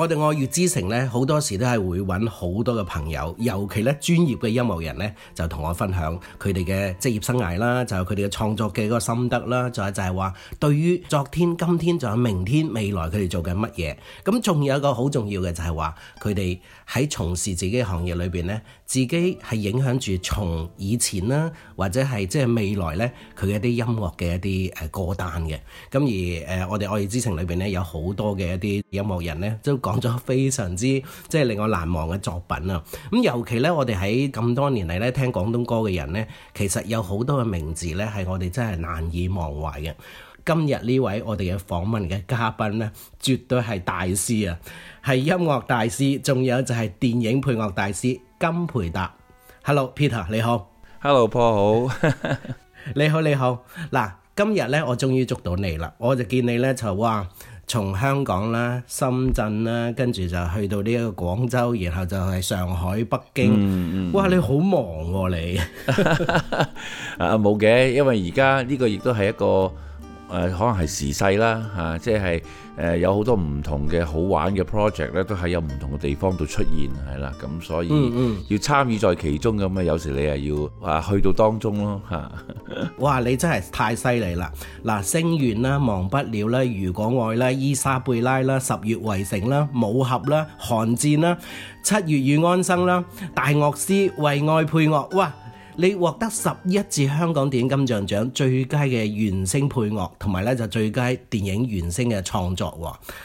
我哋愛粵之城咧，好多時都係會揾好多嘅朋友，尤其咧專業嘅音樂人咧，就同我分享佢哋嘅職業生涯啦，就佢哋嘅創作嘅嗰個心得啦，再就係話對於昨天、今天仲有明天未來，佢哋做緊乜嘢？咁仲有一個好重要嘅就係話，佢哋喺從事自己嘅行業裏邊咧。自己係影響住從以前啦，或者係即係未來呢，佢一啲音樂嘅一啲誒歌單嘅。咁而誒、呃，我哋愛粵之城裏邊呢，有好多嘅一啲音樂人呢，都講咗非常之即係令我難忘嘅作品啊。咁尤其呢，我哋喺咁多年嚟呢，聽廣東歌嘅人呢，其實有好多嘅名字呢，係我哋真係難以忘懷嘅。今日呢位我哋嘅訪問嘅嘉賓呢，絕對係大師啊，係音樂大師，仲有就係電影配樂大師金培達。Hello，Peter 你好。Hello，Paul 好。你好你好。嗱，今日呢，我終於捉到你啦，我就見你呢，就話從香港啦、深圳啦，跟住就去到呢一個廣州，然後就係上海、北京。嗯嗯、哇！你好忙喎、啊、你。 啊冇嘅，因為而家呢個亦都係一個。誒、呃、可能係時勢啦，嚇、啊，即係誒有好多唔同嘅好玩嘅 project 咧，都喺有唔同嘅地方度出現，係啦，咁所以要參與在其中咁啊，有時你係要啊去到當中咯，嚇 ！哇！你真係太犀利啦！嗱，星願啦、啊，忘不了啦，如果‧愛啦、啊，伊莎貝拉啦、啊，十月圍城啦、啊，武俠啦、啊，寒戰啦、啊，七月與安生啦、啊，大樂師為愛配樂，哇！你獲得十一次香港電影金像獎最佳嘅原聲配樂，同埋咧就最佳電影原聲嘅創作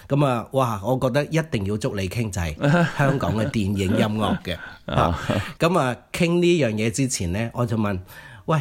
喎。咁啊，哇！我覺得一定要祝你傾就係、是、香港嘅電影音樂嘅。咁 啊，傾呢樣嘢之前呢，我就問，喂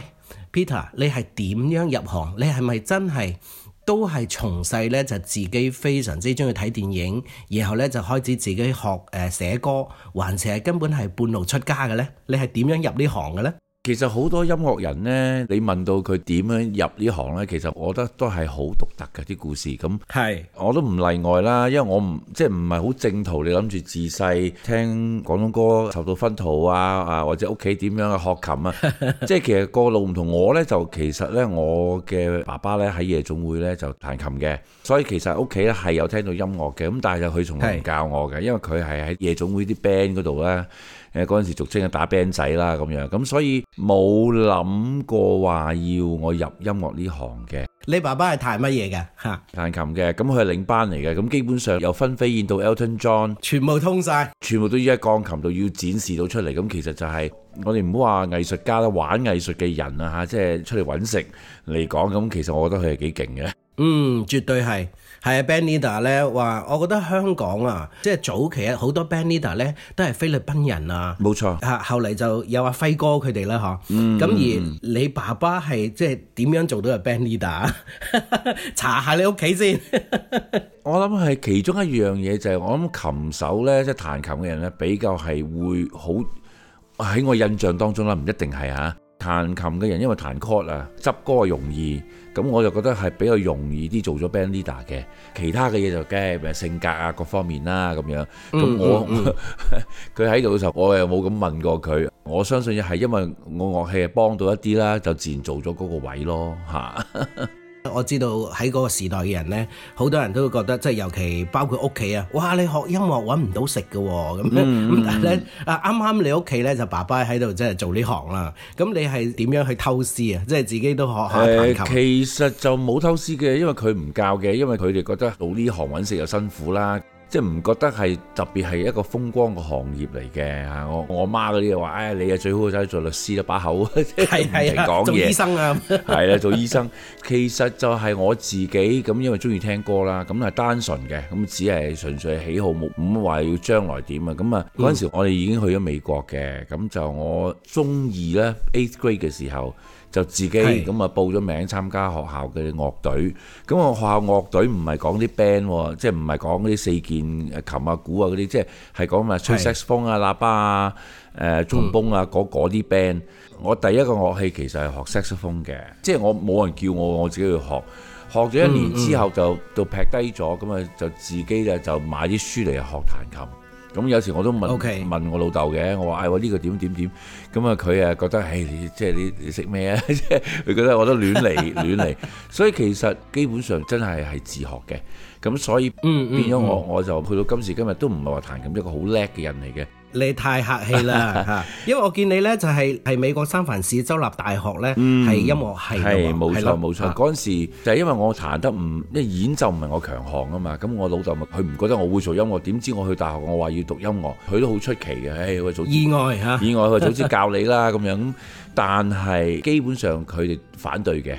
，Peter，你係點樣入行？你係咪真係都係從細咧就自己非常之中意睇電影，然後咧就開始自己學誒寫歌，還是係根本係半路出家嘅呢？你係點樣入呢行嘅呢？其實好多音樂人呢，你問到佢點樣入呢行呢，其實我覺得都係好獨特嘅啲故事。咁係，是我都唔例外啦，因為我唔即係唔係好正途。你諗住自細聽廣東歌，受到熏陶啊，啊或者屋企點樣嘅學琴啊， 即係其實個路唔同。我呢就其實呢，我嘅爸爸呢喺夜總會呢就彈琴嘅，所以其實屋企咧係有聽到音樂嘅。咁但係就佢從來唔教我嘅，是因為佢係喺夜總會啲 band 嗰度呢。誒，嗰陣時俗稱係打 band 仔啦咁樣，咁所以冇諗過話要我入音樂呢行嘅。你爸爸係彈乜嘢嘅？嚇， 彈琴嘅，咁佢係領班嚟嘅，咁基本上由分飛燕到 Elton John，全部通晒，全部都依家鋼琴度要展示到出嚟。咁其實就係我哋唔好話藝術家啦，玩藝術嘅人啊嚇，即係出嚟揾食嚟講，咁其實我覺得佢係幾勁嘅。嗯，絕對係。係啊，Band Leader 咧，話，我覺得香港啊，即係早期啊，好多 Band Leader 咧都係菲律賓人啊。冇錯，嚇，後嚟就有阿輝哥佢哋啦，嚇、嗯。咁而你爸爸係即係點樣做到啊？Band Leader， 查下你屋企先。我諗係其中一樣嘢就係、是，我諗琴手咧，即、就、係、是、彈琴嘅人咧，比較係會好喺我印象當中啦。唔一定係嚇、啊，彈琴嘅人因為彈 chord 啊，執歌容易。咁我就覺得係比較容易啲做咗 band leader 嘅，其他嘅嘢就梗係性格啊、各方面啦咁樣。咁我佢喺度嘅時候，我又冇咁問過佢。我相信係因為我樂器啊幫到一啲啦，就自然做咗嗰個位咯嚇。 我知道喺嗰個時代嘅人呢，好多人都會覺得即係尤其包括屋企啊，哇！你學音樂揾唔到食嘅。咁咁但啊啱啱你屋企呢，就爸爸喺度即係做呢行啦，咁你係點樣去偷師啊？即係自己都學下。其實就冇偷師嘅，因為佢唔教嘅，因為佢哋覺得做呢行揾食又辛苦啦。即係唔覺得係特別係一個風光嘅行業嚟嘅，我我媽嗰啲話，誒、哎，你啊最好就做律師啦，把口即係唔停講嘢。做醫生啊，係 啦，做醫生。其實就係我自己咁，因為中意聽歌啦，咁係單純嘅，咁只係純粹喜好，冇冇乜話要將來點啊。咁啊，嗰陣時我哋已經去咗美國嘅，咁、嗯、就我中二咧，eighth grade 嘅時候。就自己咁啊是報咗名參加學校嘅樂隊。咁我學校樂隊唔係講啲 band，即係唔係講嗰啲四件誒琴啊鼓啊嗰啲，即係係講咪吹 saxophone 啊是喇叭啊誒鍾崩啊嗰啲 band。嗯、我第一個樂器其實係學 saxophone 嘅，即係我冇人叫我，我自己去學學咗一年之後，就嗯嗯就劈低咗，咁啊就自己咧就，就買啲書嚟學彈琴。咁有時我都問 Okay. 問我老豆嘅，我話：唉、哎，我、這、呢個點點點，咁啊，佢啊覺得，唉、哎，即係你你識咩啊？即係佢覺得我都亂嚟 亂嚟，所以其實基本上真係係自學嘅，咁所以變咗我嗯嗯嗯我就去到今時今日都唔係話彈咁一個好叻嘅人嚟嘅。你太客氣啦嚇， 因為我見你呢，就係、是、係美國三藩市州立大學呢係、嗯、音樂系嘅，係冇錯冇錯。嗰陣的錯時就係、是、因為我彈得唔，因為演奏唔係我強項啊嘛。咁我老豆咪佢唔覺得我會做音樂，點知我去大學我話要讀音樂，佢都好出奇嘅。哎、意外嚇，啊、意外佢早知教你啦咁 樣。但係基本上佢哋反對嘅，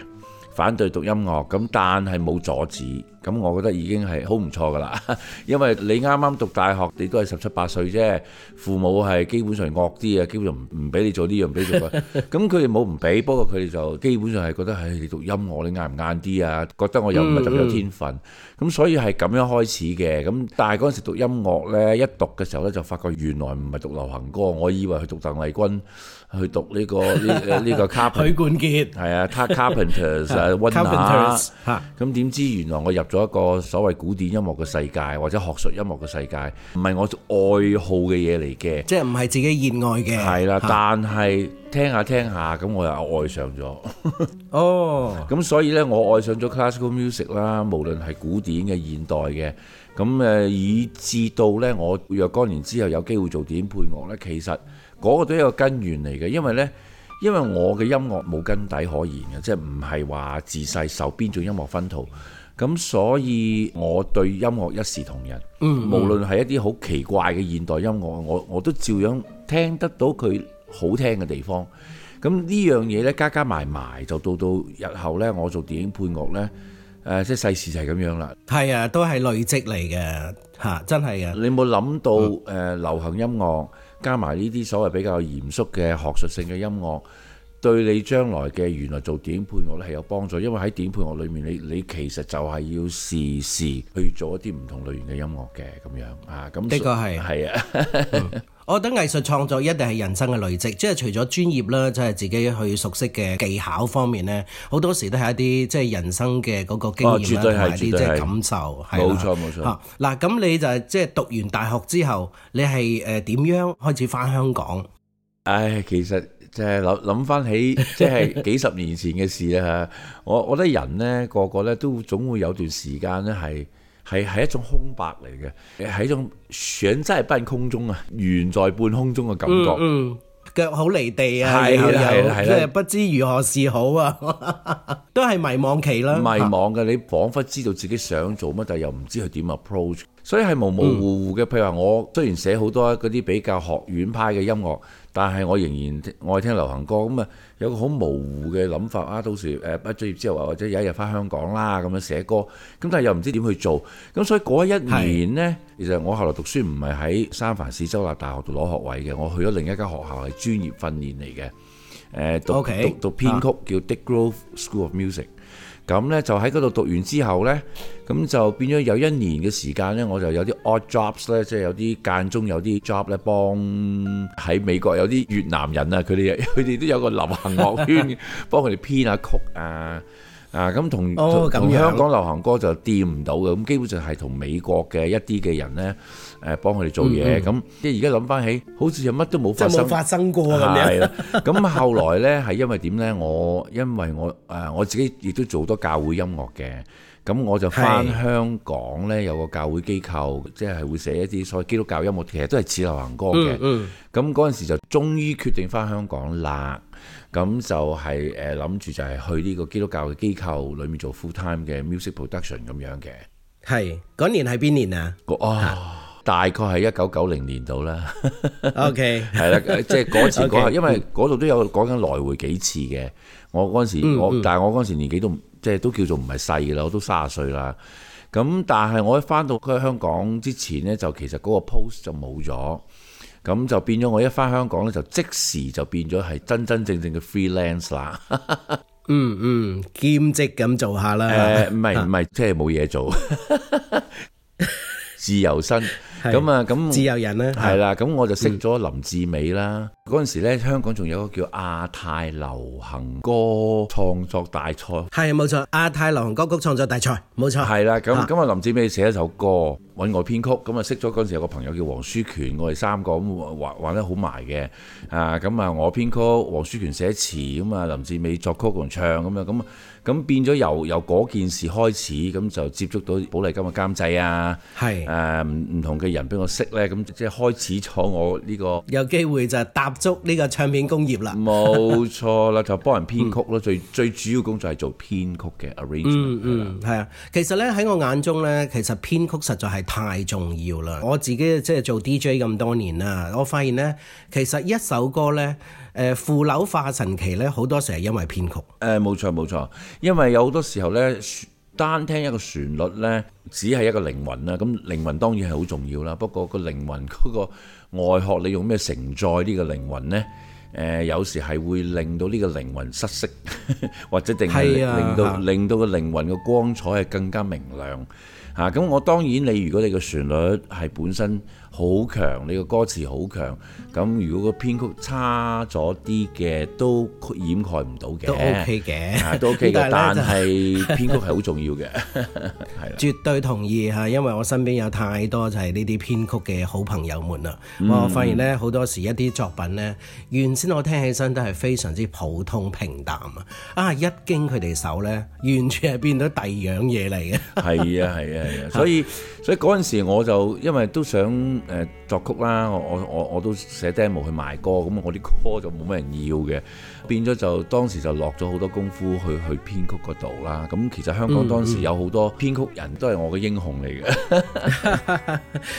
反對讀音樂。咁但係冇阻止。咁、嗯、我覺得已經係好唔錯㗎啦，因為你啱啱讀大學，你都係十七八歲啫，父母係基本上惡啲嘅，基本上唔唔俾你做呢樣，俾做嗰，咁佢哋冇唔俾，不過佢哋就基本上係覺得、哎，你讀音樂你啱唔啱啲啊？覺得我又唔係特別有天分，咁、嗯嗯嗯、所以係咁樣開始嘅，咁但係嗰陣時讀音樂咧，一讀嘅時候咧就發覺原來唔係讀流行歌，我以為去讀鄧麗君，去讀呢、這個呢呢、這個卡，這個、pent, 許冠傑傑，係啊，卡 Carpenters 啊，溫拿，咁點知原來我入做一個所謂古典音樂嘅世界或者學術音樂嘅世界，唔係我愛好嘅嘢嚟嘅，即係唔係自己熱愛嘅，係啦。但係聽下聽下，咁我又愛上咗。 哦，咁所以呢，我愛上咗 classical music 啦，無論係古典嘅、現代嘅，咁誒，以至到呢，我若干年之後有機會做電影配樂呢，其實嗰個都一個根源嚟嘅，因為呢，因為我嘅音樂冇根底可言嘅，即係唔係話自細受邊種音樂熏陶。咁所以我對音樂一視同仁，嗯嗯、無論係一啲好奇怪嘅現代音樂，我我都照樣聽得到佢好聽嘅地方。咁呢樣嘢呢，加加埋埋，就到到日後呢，我做電影配樂呢，呃、即係世事就係咁樣啦。係啊，都係累積嚟嘅吓，真係啊，你有冇諗到誒、嗯呃、流行音樂加埋呢啲所謂比較嚴肅嘅學術性嘅音樂，對你將來嘅原來做電影配樂咧係有幫助，因為喺電影配樂裏面，你你其實就係要試試去做一啲唔同類型嘅音樂嘅咁樣啊。咁的確係係啊。嗯、 我覺得藝術創作一定係人生嘅累積，即係除咗專業啦，即、就、係、是、自己去熟悉嘅技巧方面呢，好多時都係一啲即係人生嘅嗰個經驗啦，同埋啲即係感受。冇錯冇錯。嗱咁、啊、錯你就係即係讀完大學之後，你係誒點樣開始返香港？唉，其實。即係諗諗翻起，即係幾十年前嘅事啦嚇。 我覺得人呢，個個呢，都總會有段時間呢，係係係一種空白嚟嘅，係一種想真不、啊、在半空中啊，懸在半空中嘅感覺，嗯嗯、腳好離地啊，即係不知如何是好啊， 都係迷茫期啦。迷茫嘅你彷彿知道自己想做乜，但又唔知佢點 approach，所以係模模糊糊嘅。譬如話我雖然寫好多嗰啲比較學院派嘅音樂。但係我仍然愛聽流行歌，咁、嗯、啊有個好模糊嘅諗法啊，到時誒、呃、畢咗業之後或者有一日翻香港啦，咁樣寫歌，咁但係又唔知點去做，咁所以嗰一年呢，是其實我後來讀書唔係喺三藩市州立大學度攞學位嘅，我去咗另一間學校係專業訓練嚟嘅，誒讀 Okay. 讀讀,讀編曲叫 Dick Grove School of Music。咁呢，就喺嗰度讀完之後呢，咁就變咗有一年嘅時間呢，我就有啲 odd jobs 呢，即係有啲間中有啲 job 呢，幫喺美國有啲越南人啊，佢哋佢哋都有個流行樂圈嘅， 幫佢哋編下曲啊啊，咁、啊、同香港流行歌就掂唔到嘅，咁基本上係同美國嘅一啲嘅人呢。誒幫佢哋做嘢咁，即係而家諗翻起，好似又乜都冇發生，就冇發生過咁樣。咁的 後來咧，係因為點呢？我因為我誒我自己亦都做多教會音樂嘅，咁我就翻香港呢，有個教會機構，即係是會寫一啲所謂基督教音樂，其實都係似流行歌嘅。咁嗰陣時就終於決定翻香港啦，咁就係誒諗住就係去呢個基督教嘅機構裏面做 full time 嘅 music production 咁樣嘅。係嗰年係邊年啊？啊、哦！大概係一九九零年度啦。OK，係啦， 即係嗰時嗰下，因為嗰度都有講緊來回幾次嘅。我嗰時我，但係我嗰時年紀都即係都叫做唔係細嘅啦，我都三十歲啦。咁但係我一翻到去香港之前呢，就其實嗰個 post 就冇咗，咁就變咗我一翻香港呢，就即時就變咗係真真正正嘅 freelance。 嗯嗯，兼職咁做下啦。誒、 呃，唔係唔係，即係冇嘢做， 自由身。咁啊，咁自由人咧，係啦，咁我就識咗林志美啦。嗯嗰陣時咧，香港仲有一個叫亞太流行歌創作大賽，係冇錯，亞太流行歌曲創作大賽，冇錯，係啦的。咁咁啊，林志美寫一首歌，揾我編曲，咁啊識咗嗰陣時有個朋友叫黃書權，我哋三個咁玩玩得好埋嘅，啊，咁啊我編曲，黃書權寫詞，咁啊林志美作曲同唱咁樣，咁咁變咗由由嗰件事開始，咁就接觸到寶麗金嘅監製啊，係誒唔同嘅人俾我識咧，咁即係開始坐我呢、這個有機會就搭。捉呢個唱片工業啦，冇錯啦，就幫人編曲咯，嗯、最最主要工作係做編曲嘅 arrangement、嗯嗯。嗯係啊，其實呢，喺我眼中呢，其實編曲實在係太重要啦。我自己即係做 DJ 咁多年啦，我發現呢，其實一首歌呢，誒、呃，腐朽化神奇呢，好多時係因為編曲。誒、呃，冇錯冇錯，因為有好多時候呢，單聽一個旋律呢，只係一個靈魂啦。咁靈魂當然係好重要啦，不過個靈魂、嗰個。外殼你用咩承載呢個靈魂呢？呃、有時係會令到呢個靈魂失色， 或者定係令到、啊、令到個靈魂嘅光彩係更加明亮。嚇、啊，咁我當然你如果你個旋律係本身，好強，你個歌詞好強，咁如果個編曲差咗啲嘅，都掩蓋唔到嘅。都 OK 嘅，都 OK 嘅，但係是 編曲係好重要嘅，係 啦的。絕對同意嚇，因為我身邊有太多就係呢啲編曲嘅好朋友們啦。嗯，我發現呢，好多時一啲作品呢，原先我聽起身都係非常之普通平淡啊，啊一經佢哋手呢，完全係變到第二樣嘢嚟嘅。係啊係啊係啊，所以所以嗰陣時我就因為都想。誒、呃、作曲啦，我我我我都寫 demo 去賣歌，咁我啲歌就冇乜人要嘅，變咗就當時就落咗好多功夫去去編曲嗰度啦。咁其實香港當時有好多編曲人都係我嘅英雄嚟嘅。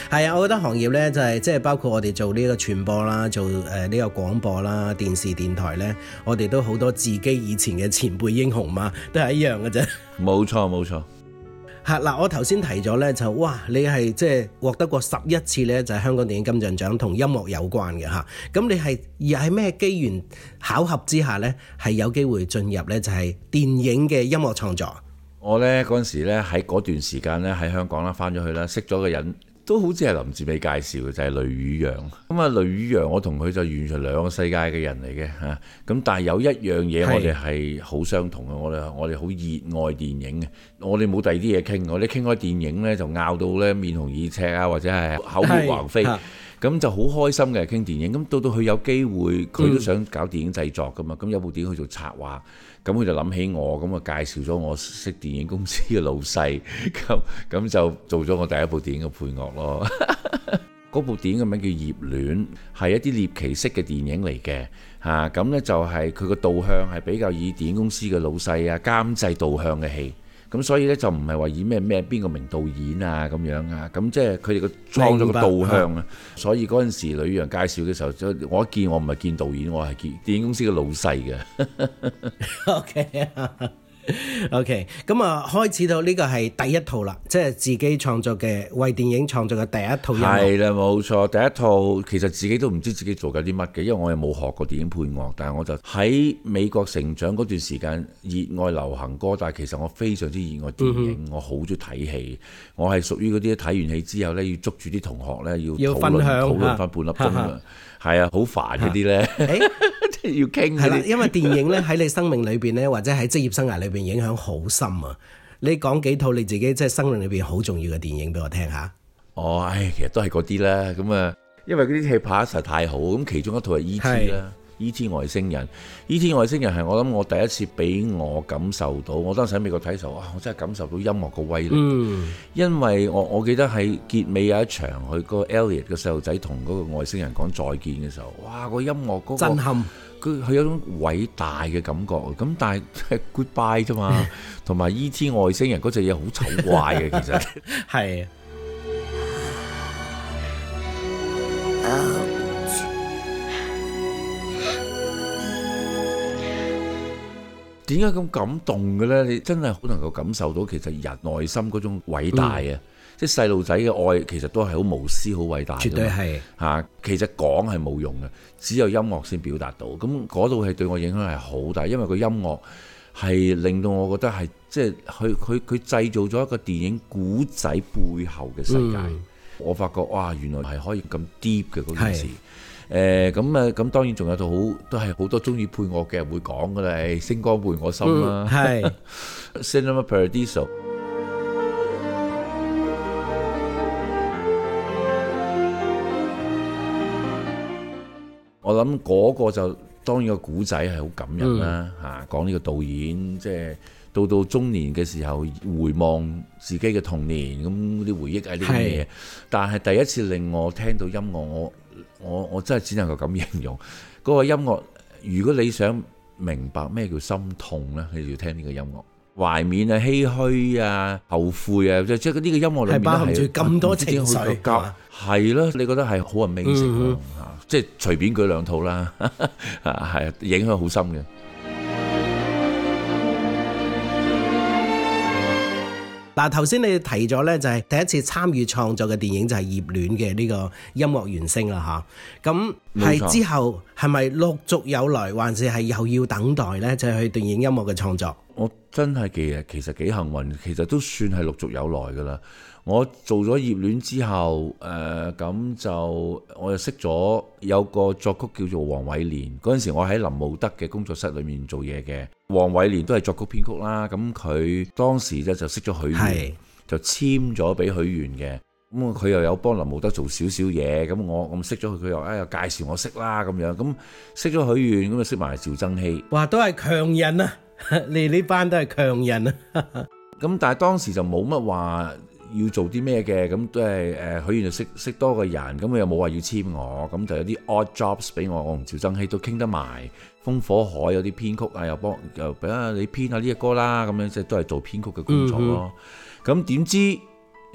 係 啊，我覺得行業呢，就係即係包括我哋做呢個傳播啦，做誒呢個廣播啦、電視電台呢，我哋都好多自己以前嘅前輩英雄嘛，都係一樣嘅啫。冇錯，冇錯。嗱！我頭先提咗呢，就哇！你係即係獲得過十一次呢，就係香港電影金像獎同音樂有關嘅嚇。咁你係又係咩機緣巧合之下呢？係有機會進入呢，就係電影嘅音樂創作？我呢，嗰陣時呢，喺嗰段時間呢，喺香港啦，翻咗去啦，識咗個人。都好似係林志美介紹嘅，就係、是、雷宇揚。咁啊，雷宇揚，我同佢就完全兩個世界嘅人嚟嘅嚇。咁但係有一樣嘢，我哋係好相同嘅。是我哋我哋好熱愛電影嘅。我哋冇第二啲嘢傾，我哋傾開電影呢就拗到呢面紅耳赤啊，或者係口沫橫飛。咁是就好開心嘅傾電影。咁到到佢有機會，佢都想搞電影製作噶嘛。咁、嗯、有部電影去做策劃。咁佢就諗起我，咁啊介紹咗我識電影公司嘅老細，咁咁就做咗我第一部電影嘅配樂咯。嗰 部片嘅名叫《孽戀》，係一啲獵奇式嘅電影嚟嘅嚇，咁呢就係佢個導向係比較以電影公司嘅老細啊監製導向嘅戲。咁所以咧就唔係話演咩咩邊個名導演啊咁樣啊，咁即係佢哋個莊重導向啊。白所以嗰陣時雷宇揚介紹嘅時候，我一見我唔係見導演，我係見電影公司嘅老細嘅。O K O.K. 咁啊，開始到呢個係第一套啦，即係自己創作嘅為電影創作嘅第一套音樂。係啦，冇錯，第一套其實自己都唔知自己做緊啲乜嘅，因為我又冇學過電影配樂，但係我就喺美國成長嗰段時間熱愛流行歌，但係其實我非常之熱愛電影，嗯、哼我好中意睇戲，我係屬於嗰啲睇完戲之後呢，要捉住啲同學呢，要要分享啊，討論翻半粒鍾啊，係啊，好煩嗰啲呢。 要傾係啦， 因為電影咧喺你生命裏邊咧，或者喺職業生涯裏邊影響好深啊！你講幾套你自己即係生命裏邊好重要嘅電影俾我聽下。 哦，唉、哎，其實都係嗰啲啦，咁啊，因為嗰啲戲拍得實在太好。咁其中一套係 E.T. 啦，E.T. 外星人。E.T. 外星人係我諗我第一次俾我感受到，我當時喺美國睇嘅時候，哇，我真係感受到音樂嘅威力。嗯、因為我我記得喺結尾有一場，佢個 Elliot 嘅細路仔同嗰個外星人講再見嘅時候，哇，個音樂嗰個震撼。 那個佢有一種偉大嘅感覺，咁但係 goodbye 啫嘛，同埋 E.T. 外星人嗰隻嘢好醜怪嘅，其實係點解咁感動嘅呢？你真係好能夠感受到其實人內心嗰種偉大啊！嗯即係細路仔嘅愛，其實都係好無私、好偉大嘅。絕對係吓，其實講係冇用嘅，只有音樂先表達到。咁嗰度係對我影響係好大，因為個音樂係令到我覺得係即係，佢佢佢製造咗一個電影古仔背後嘅世界。嗯、我發覺哇，原來係可以咁 deep 嘅嗰件事。誒是、呃，咁啊，咁當然仲有套好都係好多中意配樂嘅會講噶啦，星光伴我心啦、啊，係 Cinema Paradiso 我諗嗰個就當然個古仔係好感人啦，吓講呢個導演即係、就是、到到中年嘅時候回望自己嘅童年，咁啲回憶係啲咩嘢？是但係第一次令我聽到音樂，我我我真係只能夠咁形容嗰、那個音樂。如果你想明白咩叫心痛呢，你就要聽呢個音樂，懷緬啊、唏噓啊、後悔啊，即係呢個音樂裏面係包含住咁多情緒，係咯、啊啊？你覺得係好 amazing？嗯即係隨便舉兩套啦，啊係啊，影響好深嘅。嗱，頭先你提咗咧，就係、是、第一次參與創作嘅電影就係《孽戀》嘅呢個音樂原聲啦，吓，咁係之後係咪陸續有來，還是係又要等待咧？就係去電影音樂嘅創作。我真係嘅，其實幾幸運，其實都算係陸續有來噶啦。我做咗孽戀之後，誒、呃、咁就我又識咗有個作曲叫做黃偉年。嗰陣時我喺林慕德嘅工作室裏面做嘢嘅，黃偉年都係作曲編曲啦。咁佢當時咧就識咗許願，的就簽咗俾許願嘅。咁佢又有幫林慕德做少少嘢，咁我我識咗佢，佢又誒又介紹我識啦咁樣。咁識咗許願，咁就識埋趙增熹。話都係強人啊！ 你呢班都係強人啊！咁 但係當時就冇乜話要做啲咩嘅，咁都係誒，佢、呃、許願識識多個人，咁佢又冇話要簽我，咁就有啲 odd jobs 俾我，我同趙增熹都傾得埋，風火海有啲編曲啊，又幫又啊，你編下呢隻歌啦，咁樣即係都係做編曲嘅工作咯。咁點、mm hmm。知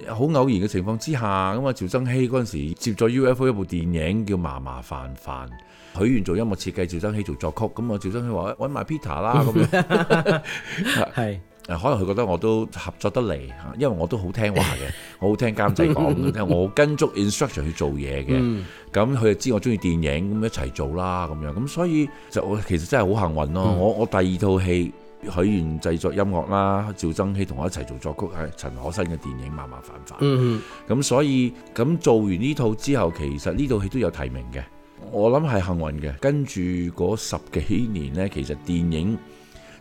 好偶然嘅情況之下，咁啊趙增熹嗰陣時接咗 UFO 一部電影叫麻麻煩煩。媽媽飯飯許願做音樂設計，趙增熹做作曲，咁我趙增熹話：揾、欸、埋 Peter 啦咁樣，係， 可能佢覺得我都合作得嚟，因為我都好聽話嘅， 我好聽監製講嘅，我跟足 instruction 去做嘢嘅，咁佢 就知我中意電影，咁一齊做啦咁樣，咁所以就其實真係好幸運咯、啊。 我我第二套戲許願製作音樂啦，趙增熹同我一齊做作曲，係陳可辛嘅電影麻麻帆帆，咁 所以咁做完呢套之後，其實呢套戲都有提名嘅。我諗係幸運嘅，跟住嗰十幾年呢，其實電影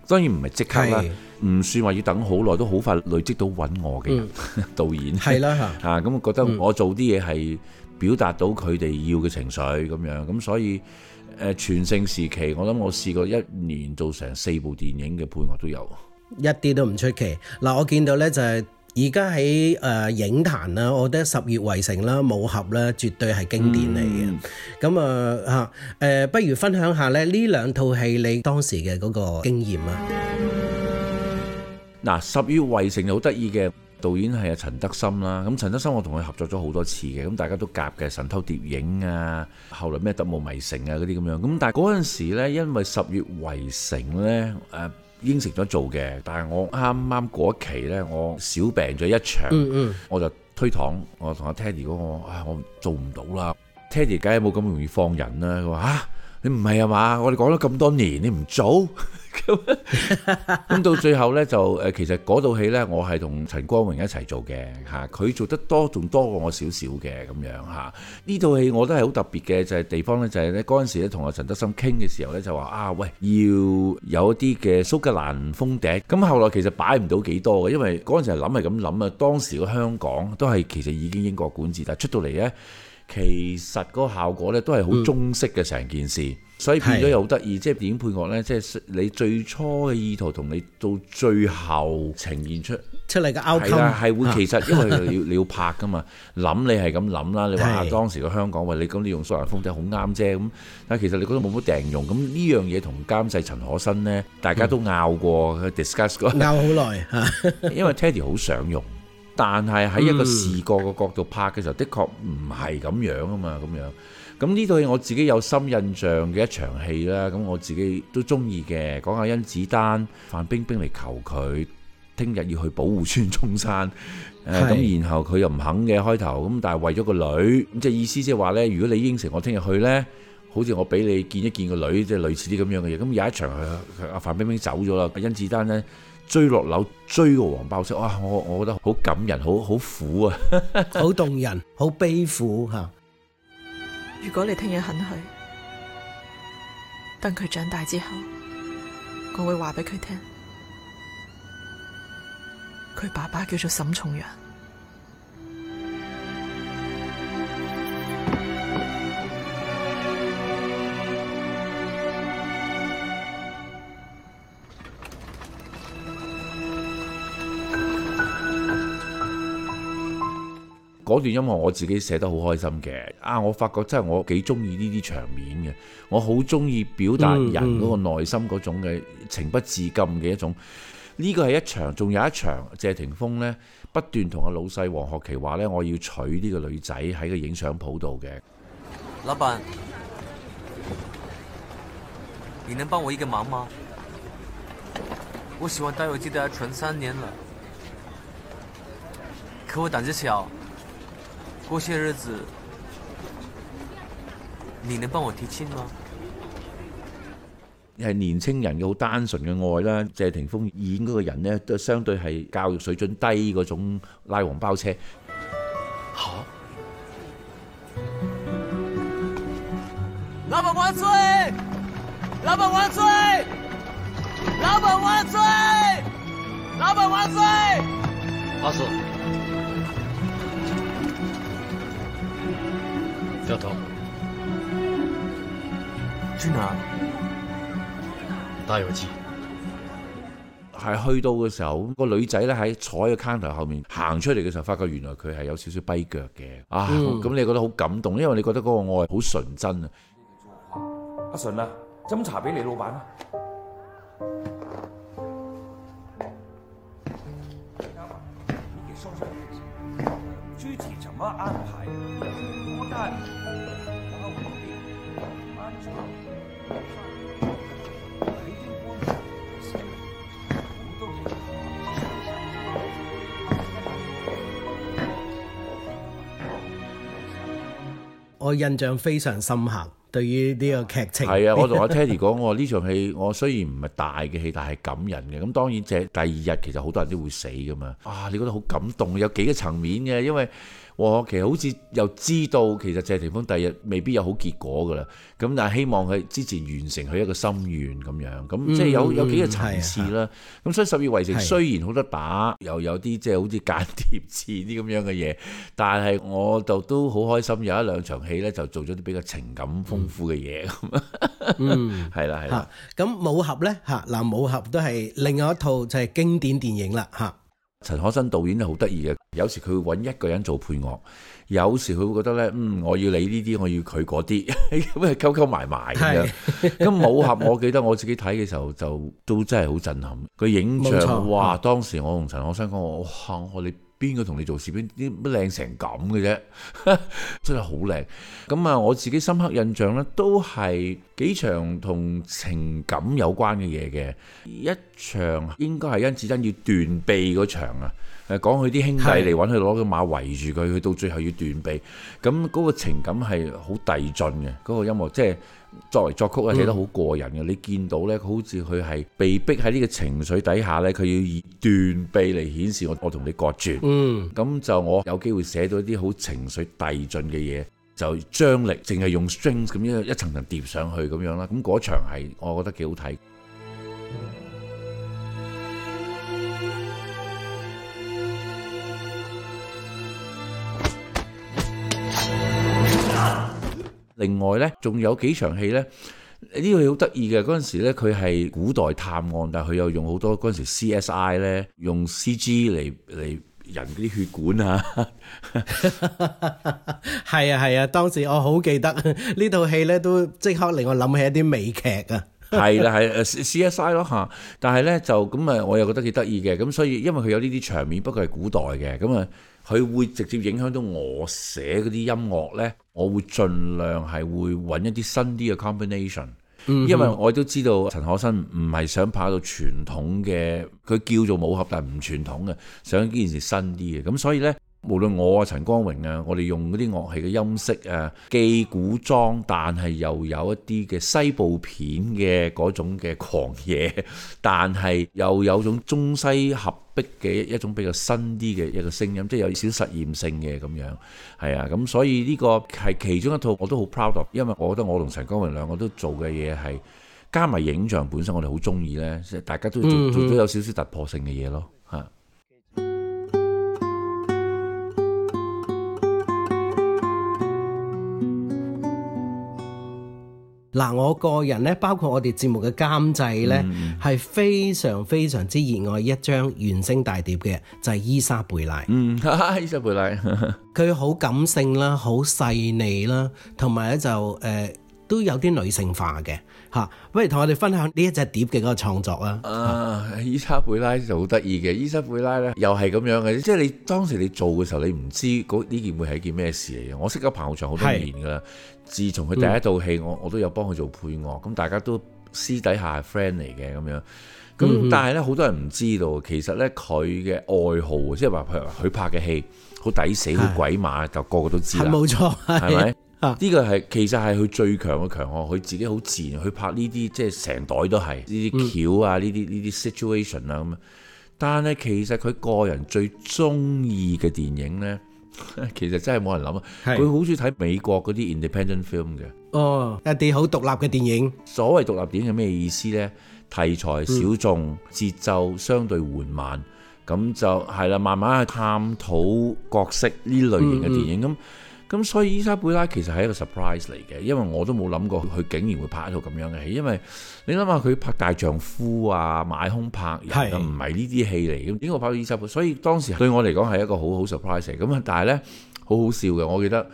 當然唔係即刻啦，唔是算話要等好耐，都好快累積到揾我嘅人、嗯、導演係啦吓，啊咁覺得我做啲嘢係表達到佢哋要嘅情緒咁、嗯、樣，咁所以、呃、全盛時期，我諗我試過一年做成四部電影嘅配樂都有，一啲都唔出奇。嗱，我見到呢就係、是。而家喺誒影壇啦，我覺得《十月圍城》啦、《武俠》啦，絕對係經典嚟嘅。咁、嗯、啊嚇誒、啊，不如分享下咧呢兩套戲你當時嘅嗰個經驗啊。嗱，嗯《十月圍城》又好得意嘅，導演係阿陳德森啦。咁陳德森我同佢合作咗好多次嘅，咁大家都夾嘅，《神偷諜影》啊，後來咩《特務迷城》啊嗰啲咁樣。咁但係嗰陣時咧，因為《十月圍城》呢、呃。誒。應承咗做嘅，但係我啱啱過一期咧，我小病咗一場，嗯嗯我就推搪。我同阿 Taddy 講我，唉，我做唔到啦。Taddy 梗係冇咁容易放人啦、啊。佢話：嚇、啊，你唔係啊嘛？我哋講咗咁多年，你唔做？咁 到最後呢，就誒，其實嗰套戲呢，我係同陳光榮一齊做嘅嚇，佢做得多仲多過我少少嘅咁樣嚇。呢套戲我覺得係好特別嘅，就係、是、地方呢，就係呢嗰陣時咧同阿陳德森傾嘅時候呢，就話啊喂，要有一啲嘅蘇格蘭風笛。咁後來其實擺唔到幾多嘅，因為嗰陣時諗係咁諗啊。當時個香港都係其實已經英國管治，但出到嚟呢，其實嗰個效果呢都係好中式嘅成件事。所以變咗又好得意，即係電影配樂呢，即係你最初嘅意圖同你到最後呈現出出嚟嘅 outcome 係會，其實因為你要， 你要拍噶嘛，諗你係咁諗啦。你話當時個香港喂， 你咁你用塑料風掣好啱啫咁，但係其實你覺得冇乜定用咁呢樣嘢同監製陳可辛呢，大家都拗過 discuss 拗好耐，因為 Teddy 好想用，但係喺一個視覺嘅角度拍嘅時候，的確唔係咁樣啊嘛，咁樣。咁呢套戲我自己有深印象嘅一場戲啦，咁我自己都中意嘅，講下甄子丹、范冰冰嚟求佢，聽日要去保護孫中山，咁是然後佢又唔肯嘅開頭，咁但係為咗個女，咁即係意思即係話呢：如果你應承我聽日去呢，好似我俾你見一見個女，即係類似啲咁樣嘅嘢。咁有一場阿范冰冰走咗啦，甄子丹呢追落樓追個黃包車，哇！我我覺得好感人，好好苦啊，好 動人，好悲苦嚇。嗯如果你聽日肯去，等佢長大之後，我會話俾佢聽，佢爸爸叫做沈重陽。嗰段音樂我自己寫得好開心嘅，啊，我發覺真係我幾中意呢啲場面嘅，我好中意表達人嗰個內心嗰種嘅情不自禁嘅一種。呢個係一場，仲有一場，謝霆鋒呢不斷同阿老細王學圻話呢我要娶呢個女仔喺個影相鋪度嘅。老闆，你能幫我一個忙嗎？我喜歡戴耳機戴咗三年了，可我膽子小。過些日子，你能幫我提親嗎？係年青人嘅好單純嘅愛啦。謝霆鋒演嗰個人呢，都相對係教育水準低嗰種拉黃包車。吓、啊！老闆萬歲！老闆萬歲！老闆萬歲！老闆萬歲！阿叔。左圖，轉下，帶我一次，係去到嘅時候，個女仔咧喺坐喺 counter 後面行出嚟嘅時候，發覺原來佢係有少少跛腳嘅。嗯、啊，咁你覺得好感動，因為你覺得嗰個愛好純真啊。阿純啊，斟茶俾你，老板啊。嗯朱慈我印象非常深刻，對於呢個劇情係啊！我同阿 Terry 講，我呢場戲我雖然唔係大嘅戲，但係感人嘅。咁當然，即係第二日其實好多人都會死㗎嘛。啊，你覺得好感動，有幾個層面嘅，因為，我其實好似又知道，其實謝霆鋒第日未必有好結果噶啦。咁但係希望佢之前完成佢一個心願咁樣。咁、嗯、即係有有幾個層次啦。咁的所以《十月圍城》雖然好得打，的又有啲即係好似間諜戰啲咁樣嘅嘢，但係我就都好開心，有一兩場戲咧就做咗啲比較情感豐富嘅嘢。嗯，係啦係啦。咁武俠咧，嚇嗱，武俠都係另外一套就係經典電影啦嚇。陳可辛導演都好得意嘅，有時佢會揾一個人做配樂，有時佢會覺得咧，嗯，我要你呢啲，我要佢嗰啲，咁咪溝溝埋埋。咁武俠我記得我自己睇嘅時候就都真係好震撼，佢影像冇錯哇，當時我同陳可辛講，我哇，我邊個同你做視邊啲乜靚成咁嘅啫？ 真係好靚。咁啊，我自己深刻印象咧，都係幾場同情感有關嘅嘢嘅。一場應該係甄子丹要斷臂嗰場啊。誒，講佢啲兄弟嚟揾佢攞個馬圍住佢，佢到最後要斷臂，咁嗰個情感係好遞進嘅，嗰、嗰個音樂即係作為作曲啊，寫得好過癮嘅。嗯、你見到呢，好似佢係被逼喺呢個情緒底下呢，佢要以斷臂嚟顯示我我同你割斷。嗯，咁就我有機會寫到一啲好情緒遞進嘅嘢，就張力淨係用 strings 咁一層層疊上去咁樣啦。咁嗰場係我覺得幾好睇。另外呢，仲有幾場戲呢？呢套戲好得意嘅。嗰陣時呢，佢係古代探案，但係佢又用好多嗰陣時 C S I 呢，用 C G 嚟嚟人啲血管 啊。係啊係啊，當時我好記得呢套戲呢，戲都即刻令我諗起一啲美劇啊。係啦， 係誒 C S I 咯嚇，但係咧就咁誒，我又覺得幾得意嘅，咁所以因為佢有呢啲場面，不過係古代嘅，咁啊佢會直接影響到我寫嗰啲音樂咧，我會盡量係會揾一啲新啲嘅 combination，因為我都知道陳可辛唔係想拍到傳統嘅，佢叫做武俠，但係唔傳統嘅，想呢件事新啲嘅，咁所以咧。無論我啊陳光榮啊，我哋用嗰啲樂器嘅音色啊，既古裝，但係又有一啲嘅西部片嘅嗰種嘅狂野，但係又有種中西合璧嘅一種比較新啲嘅一個聲音，即係有少少實驗性嘅咁樣，係啊，咁所以呢個係其中一套我都好 proud of，因為我覺得我同陳光榮兩個都做嘅嘢係加埋影像本身我，我哋好中意呢，即大家都都，都有少少突破性嘅嘢咯。嗱，我個人咧，包括我哋節目嘅監製咧，係、嗯、非常非常之熱愛一張原聲大碟嘅，就係、是、伊莎貝拉。嗯，伊莎貝拉，佢 好感性啦，好細膩啦，同埋咧就誒、呃、都有啲女性化嘅吓、啊。不如同我哋分享呢一隻碟嘅嗰個創作啊。啊，伊莎貝拉就好得意嘅，伊莎貝拉咧又係咁樣嘅，即係你當時你做嘅時候，你唔知呢件會係一件咩事嚟嘅。我識咗彭浩翔好多年噶啦。自從佢第一套戲，嗯、我我都有幫佢做配樂，咁大家都私底下係 friend 嚟嘅咁樣。咁但係咧，好多人唔知道，其實咧佢嘅愛好，即係話譬如話佢拍嘅戲好抵死、好鬼馬，就是個個都知啦。冇錯，係咪？呢吧、啊、個係其實係佢最強嘅強項，佢自己好自然去拍呢啲，即係成袋都係呢啲橋啊、呢啲呢啲 situation 啊咁樣。但係其實佢個人最中意嘅電影咧。 其實真係冇人諗啊！佢好中意睇美國嗰啲 Independent Film 嘅哦，一啲好獨立嘅電影。所謂獨立電影係咩意思呢？題材小眾，嗯、節奏相對緩慢，咁就係啦，慢慢去探討角色呢類型嘅電影咁。嗯嗯咁所以伊莎貝拉其實係一個 surprise 嚟嘅，因為我都冇諗過佢竟然會拍一套咁樣嘅戲，因為你諗下佢拍大丈夫啊、買兇拍人又唔係呢啲戲嚟嘅，點解我拍到伊莎貝？所以當時對我嚟講係一個好好 surprise 嚟，咁但係呢，好好笑嘅，我記得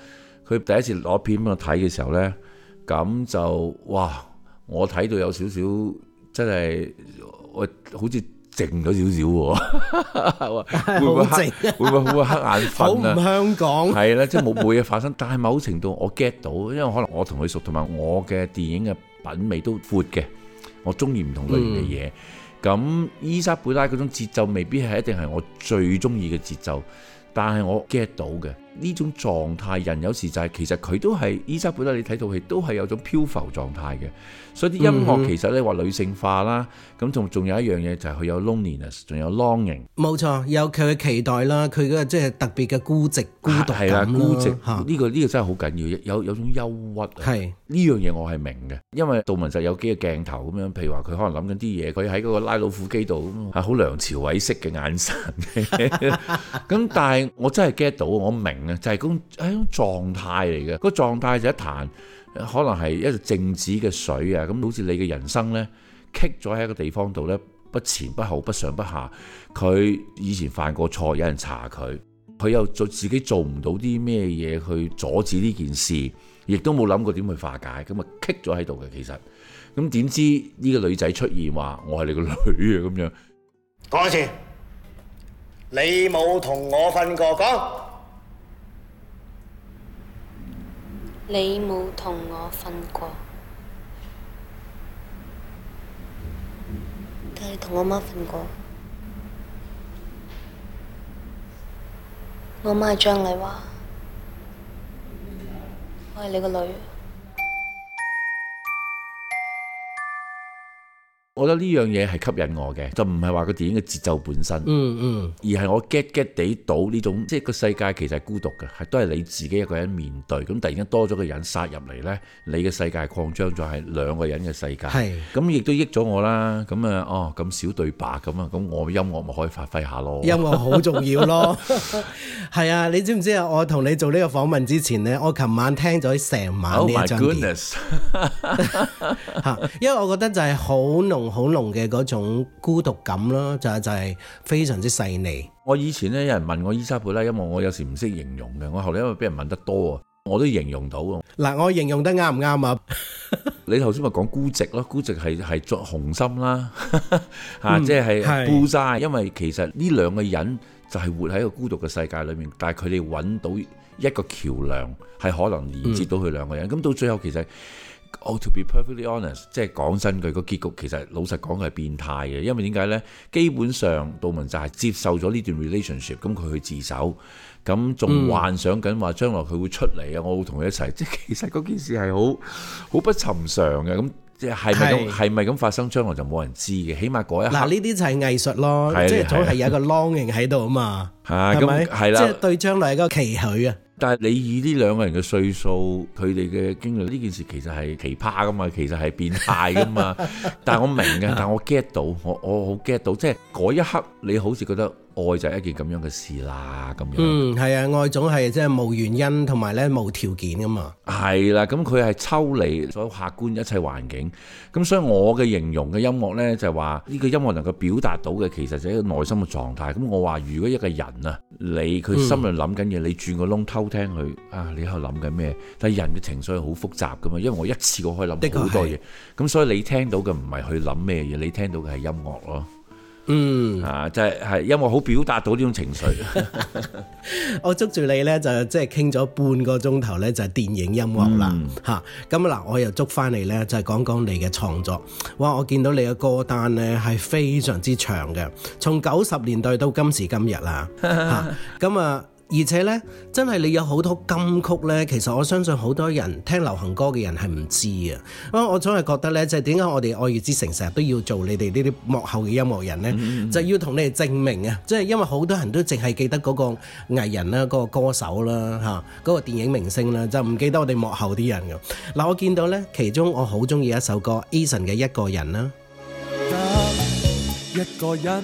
佢第一次攞片俾我睇嘅時候呢，咁就哇，我睇到有少少真係我好似。靜咗少少喎， 會唔會黑？唔 會，會黑眼瞓啊？好唔香港？係 啦，即係冇冇嘢發生。但係某程度我 get 到，因為可能我同佢熟，同埋我嘅電影嘅品味都闊嘅，我中意唔同類型嘅嘢。咁、嗯、伊莎貝拉嗰種節奏未必係一定係我最中意嘅節奏，但係我 get 到嘅。呢種狀態，人有時就係、是、其實佢都係伊莎貝拉，你睇套戲都係有種漂浮狀態嘅。所以啲音樂其實咧話、嗯、女性化啦，咁仲仲有一樣嘢就係佢有 loneliness，仲有 longing。冇錯，有佢嘅期待啦，佢嗰個即係特別嘅孤寂、孤獨感。啊、孤寂呢是、呢個呢、呢個真係好緊要，有有種憂鬱。係呢是樣嘢我係明嘅，因為杜汶澤有幾個鏡頭咁樣，譬如話佢可能諗緊啲嘢，佢喺嗰個拉老虎機度，係好梁朝偉式嘅眼神。咁 但係我真係 get 到，我明。就係公喺種狀態嚟嘅，狀態個狀態就一彈，可能係一靜止嘅水啊，咁好似你嘅人生呢，棘咗喺一個地方度呢，不前不後，不上不下。佢以前犯過錯，有人查佢，佢又做自己做唔到啲咩嘢去阻止呢件事，亦都冇諗過點去化解，咁啊棘咗喺度嘅。其實，咁點知呢個女仔出現話，我係你個女啊，咁樣。講一次，你冇同我瞓過覺。你冇同我瞓過，但係同我媽瞓過。我媽係張麗華，我係你個女。我覺得呢樣嘢係吸引我嘅，就唔係話個電影嘅節奏本身，嗯嗯，嗯而係我 get get 地到呢種，即係個世界其實係孤獨嘅，係都係你自己一個人面對。咁突然間多咗個人殺入嚟咧，你嘅世界擴張咗係兩個人嘅世界，係咁亦都益咗我啦。咁、嗯、啊，哦，咁少對白咁啊，咁我音樂咪可以發揮下咯。音樂好重要咯，係 啊！你知唔知啊？我同你做呢個訪問之前咧，我琴晚聽咗成晚呢張片，oh、my goodness 因為我覺得就係好濃。好濃嘅嗰種孤獨感咯，就係就係非常之細膩。我以前咧有人問我伊莎貝拉，因為我有時唔識形容嘅，我後嚟因為俾人問得多啊，我都形容到。嗱，我形容得啱唔啱啊？你頭先咪講孤寂咯，孤寂係係作雄心啦，啊，即係孤曬。因為其實呢兩個人就係活喺個孤獨嘅世界裏面，但係佢哋揾到一個橋樑，係可能連接到佢兩個人。咁、嗯、到最後其實。我 to be perfectly honest，即係講真句，個結局其實老實講係變態嘅，因為點解呢？基本上杜汶澤係接受咗呢段 relationship，咁佢去自首，咁仲幻想緊話將來佢會出嚟啊，我會同佢一齊。即係其實嗰件事係好好不尋常嘅，咁即係咪咁係咪咁發生？將來就冇人知嘅，起碼嗰一刻。嗱，呢啲就係藝術咯，即係總係有一個 longing 喺度啊嘛。係啦的，即係對將來一個期許啊。但係你以呢兩個人嘅歲數，佢哋嘅經歷呢件事其實係奇葩㗎嘛，其實係變態㗎嘛。 但係我明嘅，但係我 get 到，我我好 get 到，即係嗰一刻你好似覺得。愛就係一件咁樣嘅事啦，咁樣，嗯，是是。嗯，係啊，愛總係即係冇原因同埋咧冇條件噶嘛。係啦，咁佢係抽離所有客觀一切環境，咁、嗯、所以我嘅形容嘅音樂呢，就係話呢個音樂能夠表達到嘅其實就係一個內心嘅狀態。咁、嗯、我話如果一個人啊，你佢心裏諗緊嘢，你轉個窿偷聽佢啊，你喺度諗緊咩？但係人嘅情緒係好複雜噶嘛，因為我一次過可以諗好多嘢，咁、嗯、所以你聽到嘅唔係去諗咩嘢，你聽到嘅係音樂咯。嗯，啊，即係係，因為好表達到呢種情緒。 我捉住你呢，就即係傾咗半個鐘頭呢，就係電影音樂啦，吓、嗯。咁嗱、嗯，我又捉翻嚟呢，就係講講你嘅創作。哇，我見到你嘅歌單呢，係非常之長嘅，從九十年代到今時今日啦，吓、嗯。咁、嗯、啊。嗯嗯嗯嗯嗯嗯而且呢，真係你有好多金曲呢。其實我相信好多人聽流行歌嘅人係唔知啊！咁我總係覺得呢，就係點解我哋愛粵之城成日都要做你哋呢啲幕後嘅音樂人呢？嗯嗯，就要同你哋證明啊！即係因為好多人都淨係記得嗰個藝人啦、嗰、嗰個歌手啦、吓、嗰、嗰個電影明星啦，就唔記得我哋幕後啲人噶。嗱，我見到呢，其中我好中意一首歌，Eason 嘅一個人啦。 一個人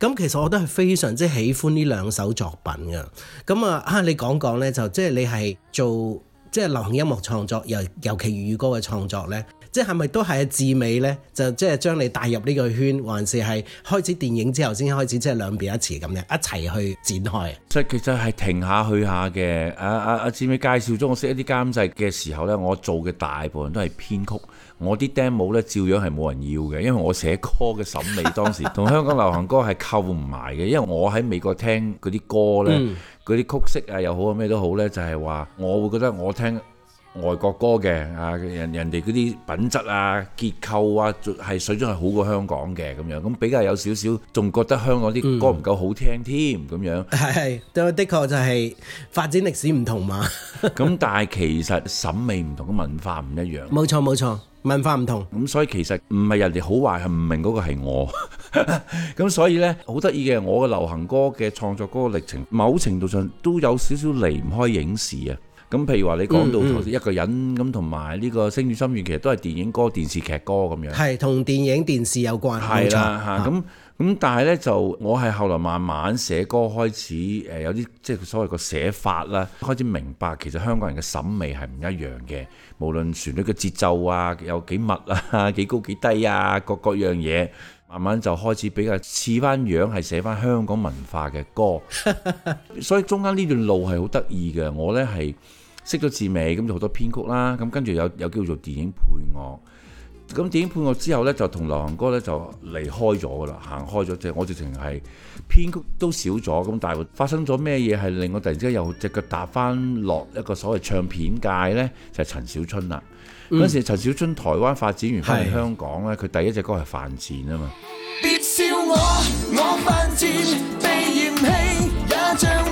咁其實我都係非常之喜歡呢兩首作品嘅。咁啊，你講講咧，就即係你係做即係流行音樂創作，尤其粵語歌嘅創作咧。即係咪都係阿志美呢？就即係將你帶入呢個圈，還是係開始電影之後先開始，即係兩邊一齊咁咧，一齊去展開。即係其實係停下去下嘅。阿阿阿志美介紹咗我識一啲監製嘅時候呢，我做嘅大部分都係編曲。我啲 demo 呢，照樣係冇人要嘅，因為我寫歌嘅審美當時同香港流行歌係溝唔埋嘅。 因為我喺美國聽嗰啲歌呢，嗰啲、嗯、曲式啊又好啊咩都好呢，就係、是、話我會覺得我聽。外國歌嘅啊，人人哋嗰啲品質啊、結構啊，係水準係好過香港嘅咁樣，咁比較有少少，仲覺得香港啲歌唔夠好聽添咁樣。係，都的確就係發展歷史唔同嘛。咁但係其實審美唔同，文化唔一樣。冇錯冇錯，文化唔同。咁所以其實唔係人哋好壞，係唔明嗰個係我。咁所以呢，好得意嘅，我嘅流行歌嘅創作嗰個歷程，某程度上都有少少離唔開影視啊。咁譬如話你講到剛剛一個人咁，同埋呢個《星語心願》，其實都係電影歌、電視劇歌咁樣，係同電影電視有關，係啦嚇。咁咁但係呢，就我係後來慢慢寫歌開始，誒、呃、有啲即係所謂個寫法啦，開始明白其實香港人嘅審美係唔一樣嘅，無論旋律嘅節奏啊，有幾密啊，幾高幾低啊，各各樣嘢，慢慢就開始比較似翻樣係寫翻香港文化嘅歌， 所以中間呢段路係好得意嘅，我呢係。識咗字尾咁就好多編曲啦，咁跟住有有叫做電影配樂，咁電影配樂之後呢，就同流行歌呢就離開咗噶啦，行開咗只我直情係編曲都少咗，咁但係發生咗咩嘢係令我突然之間又隻腳踏翻落一個所謂唱片界呢？就係、是、陳小春啦。嗰、嗯、時陳小春台灣發展完翻嚟香港呢，佢是的 第一隻歌係犯賤啊嘛。別笑我，我犯賤被嫌棄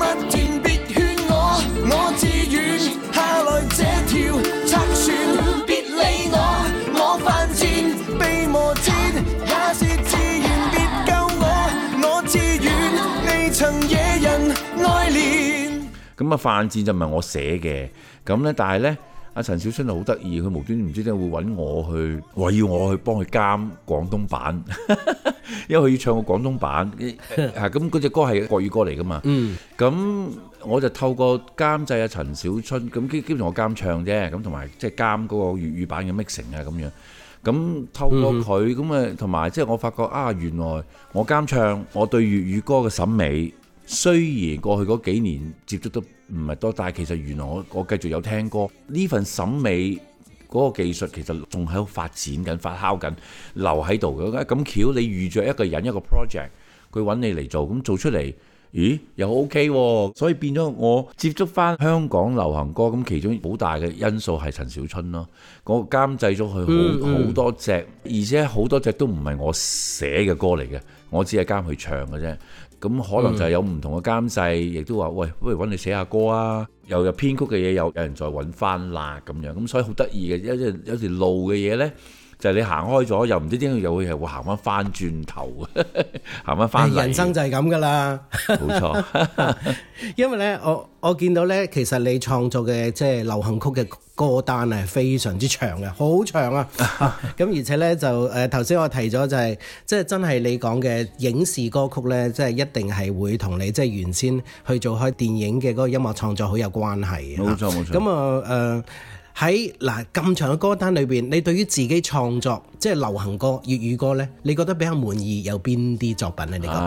愛咁啊！犯賤就唔係我寫嘅，咁呢，但係呢，阿陳小春就好得意，佢無端端唔知點解會揾我去，話要我去幫佢監廣東版， 因為佢要唱個廣東版，咁嗰隻歌係國語歌嚟噶嘛，咁、嗯、我就透過監製阿陳小春，咁基本上我監唱啫，咁同埋即係監嗰個粵語版嘅 mixing 啊，咁樣，咁透過佢，咁啊、嗯，同埋即係我發覺啊，原來我監唱，我對粵語歌嘅審美。雖然過去嗰幾年接觸得唔係多，但係其實原來我我繼續有聽歌，呢份審美嗰個技術其實仲喺度發展緊、發酵緊、留喺度嘅。咁、啊、巧你遇著一個人一個 project，佢揾你嚟做，咁做出嚟咦又 OK 喎、啊，所以變咗我接觸返香港流行歌。咁其中好大嘅因素係陳小春咯、啊，我監製咗佢好好、嗯、多隻，而且好多隻都唔係我寫嘅歌嚟嘅，我只係監佢唱嘅啫。咁可能就係有唔同嘅監製，亦都話：喂，不如揾你寫下歌啊！又有編曲嘅嘢，又有人再揾翻啦咁樣。咁所以好得意嘅，有一有時路嘅嘢呢。就係你行開咗，又唔知點解又會係會行翻翻轉頭，行翻翻嚟。人生就係咁噶啦，冇沒錯。 因為咧，我我見到咧，其實你創作嘅即係流行曲嘅歌單係非常之長嘅，好長啊。咁 而且咧，就誒頭先我提咗，就係即係真係你講嘅影視歌曲咧，即係一定係會同你即係原先去做開電影嘅嗰個音樂創作好有關係嘅。冇錯冇錯。咁啊誒。喺嗱咁長嘅歌單裏邊，你對於自己創作即係流行歌、粵語歌呢，你覺得比較滿意有邊啲作品呢？你覺得？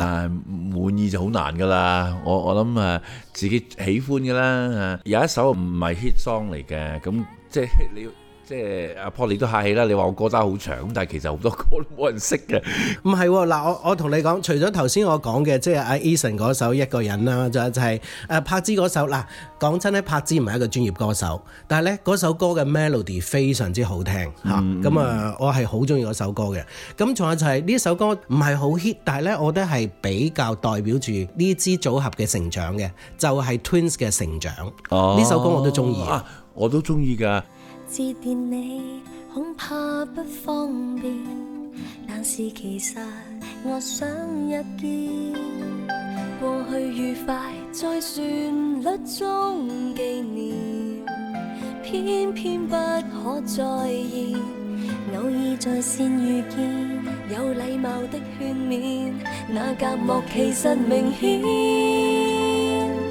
誒滿意就好難㗎喇，我我諗啊，自己喜歡㗎喇、啊、有一首唔係 hit song 嚟嘅，咁即係你要。即係阿 Paul 都客氣啦，你話我歌單好長，但係其實好多歌都冇人識嘅。唔係嗱，我我同你講，除咗頭先我講嘅，即係阿 Eason 嗰首一個人啦，仲有就係誒柏芝嗰首。嗱、啊，講真咧，柏芝唔係一個專業歌手，但係咧首歌嘅 melody 非常之好聽嚇。咁、嗯、啊，啊，我係好中意嗰首歌嘅。咁仲有就係呢首歌唔係好 hit，但係咧我覺得係比較代表住呢支組合嘅成長嘅，就係、是、Twins 嘅成長。呢、哦、首歌我都中意。我都中意㗎。致電你恐怕不方便，但是其實我想約見。過去愉快在旋律中紀念，偏偏不可再現。偶爾在線遇見，有禮貌的勸勉，那隔、個、膜其實明顯。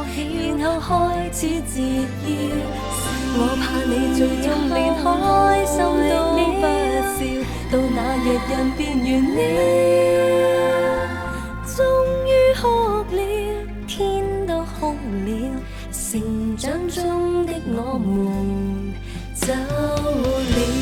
有開始折腰，我怕你最終連開心都不笑。到那日人變完了，終於哭了，天都哭了，成長中的我們走了。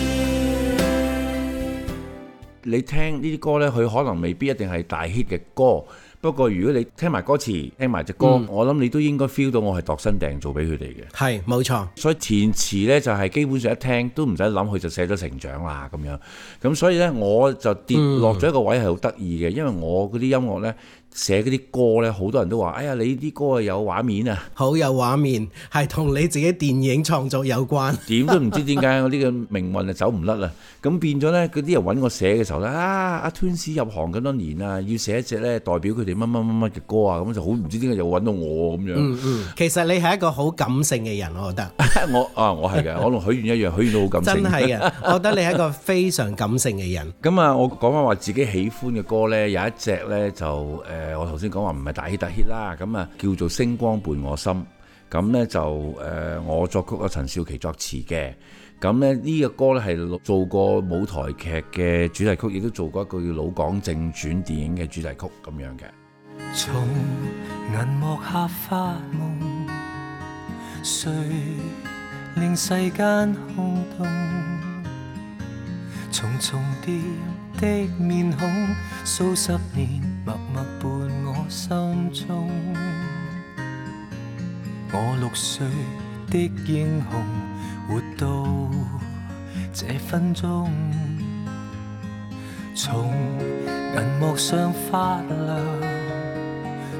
你聽呢啲歌呢，佢可能未必一定係大 hit 嘅歌。不過如果你聽埋歌詞，聽埋隻歌，嗯、我諗你都應該 feel 到我係度身訂做俾佢哋嘅，係冇錯。所以填詞呢，就係、是、基本上一聽都唔使諗，佢就寫咗成長啦咁樣。咁所以呢，我就跌落咗一個位係好得意嘅，嗯、因為我嗰啲音樂呢。寫嗰啲歌咧，好多人都話，哎呀，你啲歌啊有畫面啊，好有畫面，係同你自己電影創作有關。點 都唔知點解我呢個命運啊走唔甩喇，咁變咗咧，嗰啲人揾我寫嘅時候咧，啊，阿 Twins 入行咁多年啊，要寫一隻咧代表佢哋乜乜乜乜嘅歌啊，咁就好唔知點解又揾到我咁樣、嗯嗯。其實你係一個好感性嘅人，我覺得 我。我啊，我係嘅， 我同許願一樣，許願都好感性。真係嘅、啊， 我覺得你係一個非常感性嘅人。咁啊， 我講翻話自己喜歡嘅歌咧，有一隻咧就誒。就誒，我頭先講話唔係大 hit 特 hit 啦，咁啊叫做星光伴我心，咁咧就誒，我作曲啊，陳少琪作詞嘅，咁咧呢個歌咧係做過舞台劇嘅主題曲，亦都做過一個叫老港正傳電影嘅主題曲咁樣嘅。從銀幕下發夢，誰令世間空洞？重重疊的面孔，數十年。默默伴我心中，我六歲的英雄活到這分鐘，從銀幕上發亮，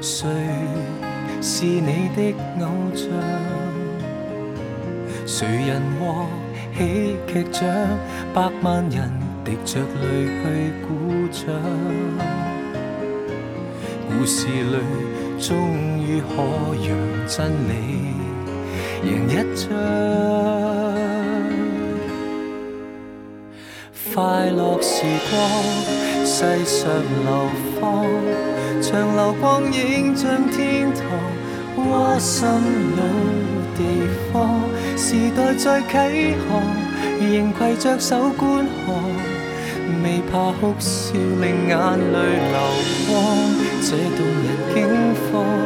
誰是你的偶像？誰人獲喜劇獎？百萬人滴着淚去鼓掌。故事裏終於可讓真理贏一仗。快樂時光，世上流芳，長留光影像天堂，窩心老地方，時代再啓航，仍攜着手觀看。未怕哭笑令眼淚流光，這動人驚慌，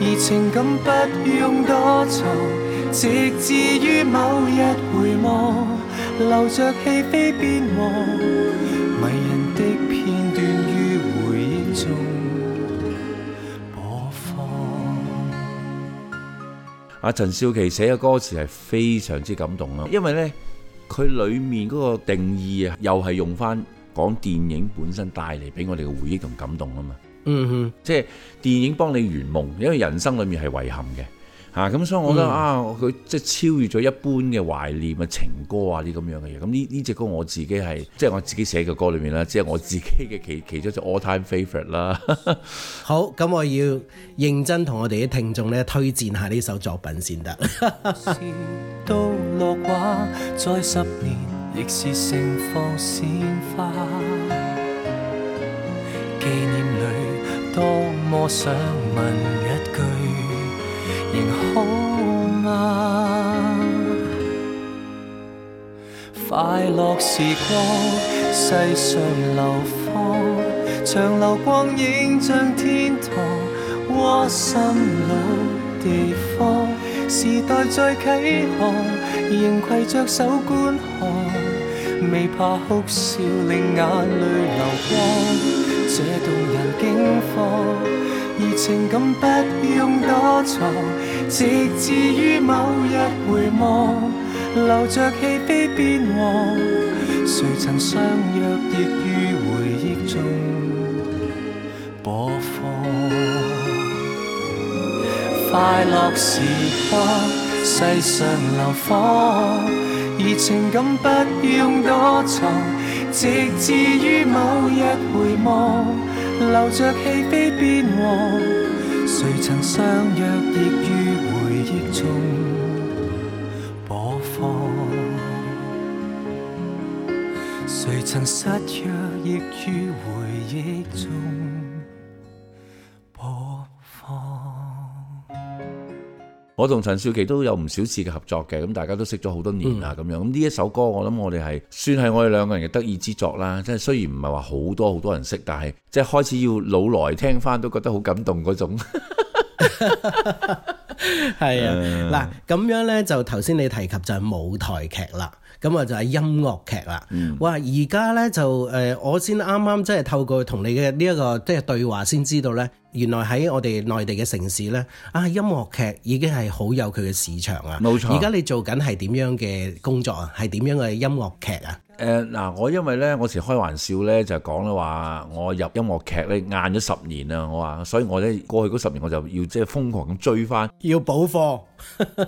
而情感不用多藏，直至於某日回望，留着戲飛邊黃，迷人的片段於回憶中播放。阿陳少琪寫嘅歌詞係非常之感動咯，因為咧。佢裡面嗰個定義啊，又係用翻講電影本身帶嚟俾我哋嘅回憶同感動啊嘛，嗯哼，即係電影幫你圓夢，因為人生裡面係遺憾嘅。嚇！咁、啊、所以我覺得、嗯、啊，佢即係超越咗一般嘅懷念啊、情歌啊啲咁樣嘅嘢。咁呢呢隻歌我自己係即係我自己寫嘅歌裏面啦，即、就、係、是、我自己嘅其其中一隻 All Time Favorite 啦。 好，咁我要認真同我哋啲聽眾咧推薦下呢首作品先得。落再十年亦是盛放鮮花紀念裏多麼想問一句。 仍好嗎？快樂時光，世上流芳，長留光影像天堂，窩心老地方。時代在啟航，仍攜着手觀看，未怕哭笑令眼淚流光，這動人景況。而情感不用躲藏，直至於某日回望，留着戲悲變幻，誰曾相約亦於回憶中播放。 樂快樂時光，世上流芳。而情感不用躲藏，直至於某日回望。留着戲飛變黃，誰曾相約亦於回憶中播放，誰曾失約亦於回憶中。我同陳少琪都有唔少次嘅合作嘅，咁大家都識咗好多年啦，咁樣咁呢一首歌，我諗我哋係算係我哋兩個人嘅得意之作啦，即係雖然唔係話好多好多人識，但係即係開始要老來聽翻都覺得好感動嗰種。係、嗯、啊，嗱咁樣呢，就頭先你提及就係舞台劇啦，咁啊就係、是、音樂劇啦。哇，而家呢，就誒我先啱啱即係透過同你嘅呢一個即係對話先知道呢。原來喺我哋內地嘅城市呢，啊音樂劇已經係好有佢嘅市場啊！冇錯，而家你做緊係點樣嘅工作啊？係點樣嘅音樂劇啊？誒嗱、呃呃，我因為呢，我時開玩笑呢，就講咧話我入音樂劇咧，晏咗十年啊！我話，所以我呢，過去嗰十年，我就要即係瘋狂咁追翻，要補課，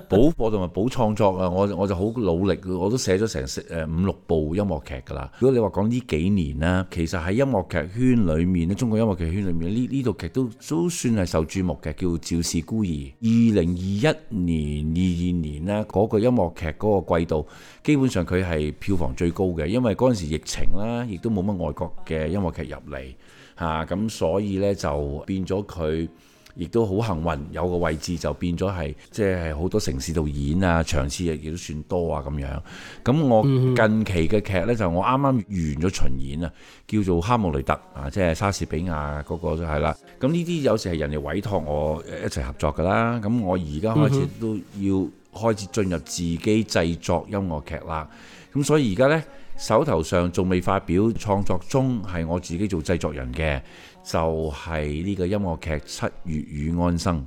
補課同埋補創作啊！我我就好努力，我都寫咗成十、呃、五六部音樂劇㗎啦。如果你話講呢幾年咧，其實喺音樂劇圈裡面咧，中國音樂劇圈裡面，呢呢套劇都～都算係受注目嘅，叫《趙氏孤兒》。二零二一年、二二年呢，嗰、那個音樂劇嗰個季度，基本上佢係票房最高嘅，因為嗰陣時疫情啦，亦都冇乜外國嘅音樂劇入嚟吓，咁、啊、所以呢，就變咗佢。亦都好幸運，有個位置就變咗係，即係好多城市度演啊，場次亦都算多啊咁樣。咁我近期嘅劇呢，就我啱啱完咗巡演啊，叫做《哈姆雷特》啊，即係莎士比亞嗰個都係啦。咁呢啲有時係人哋委託我一齊合作㗎啦。咁我而家開始都要開始進入自己製作音樂劇啦。咁所以而家呢，手頭上仲未發表，創作中係我自己做製作人嘅。就係呢個音樂劇《七月與安生》。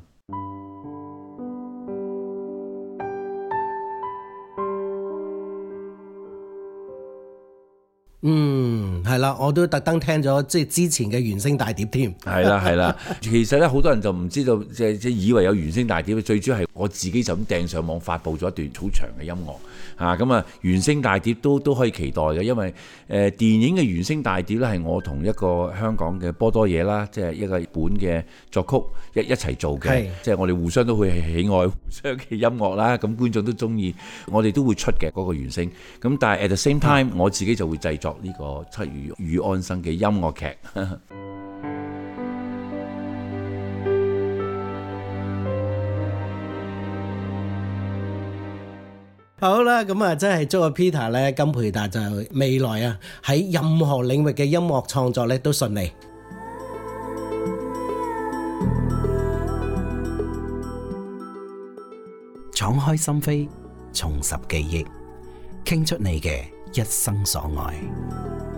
嗯，係啦，我都特登聽咗，即係之前嘅原聲大碟添。係 啦，係啦。其實咧，好多人就唔知道，即係即係以為有原聲大碟，最主要係。我自己就咁訂上網發布咗一段好長嘅音樂嚇，咁啊原聲大碟都都可以期待嘅，因為誒、呃、電影嘅原聲大碟咧係我同一個香港嘅波多野啦，即係一個日本嘅作曲一一齊做嘅，是即係我哋互相都會喜愛互相嘅音樂啦，咁、啊、觀眾都中意，我哋都會出嘅嗰、那個原聲。咁但係 at the same time 我自己就會製作呢個《七月與安生》嘅音樂劇。好啦，咁啊，真係祝阿 Peter 咧金培達就未來啊喺任何領域嘅音樂創作咧都順利，敞開心扉，重拾記憶，傾出你嘅一生所愛。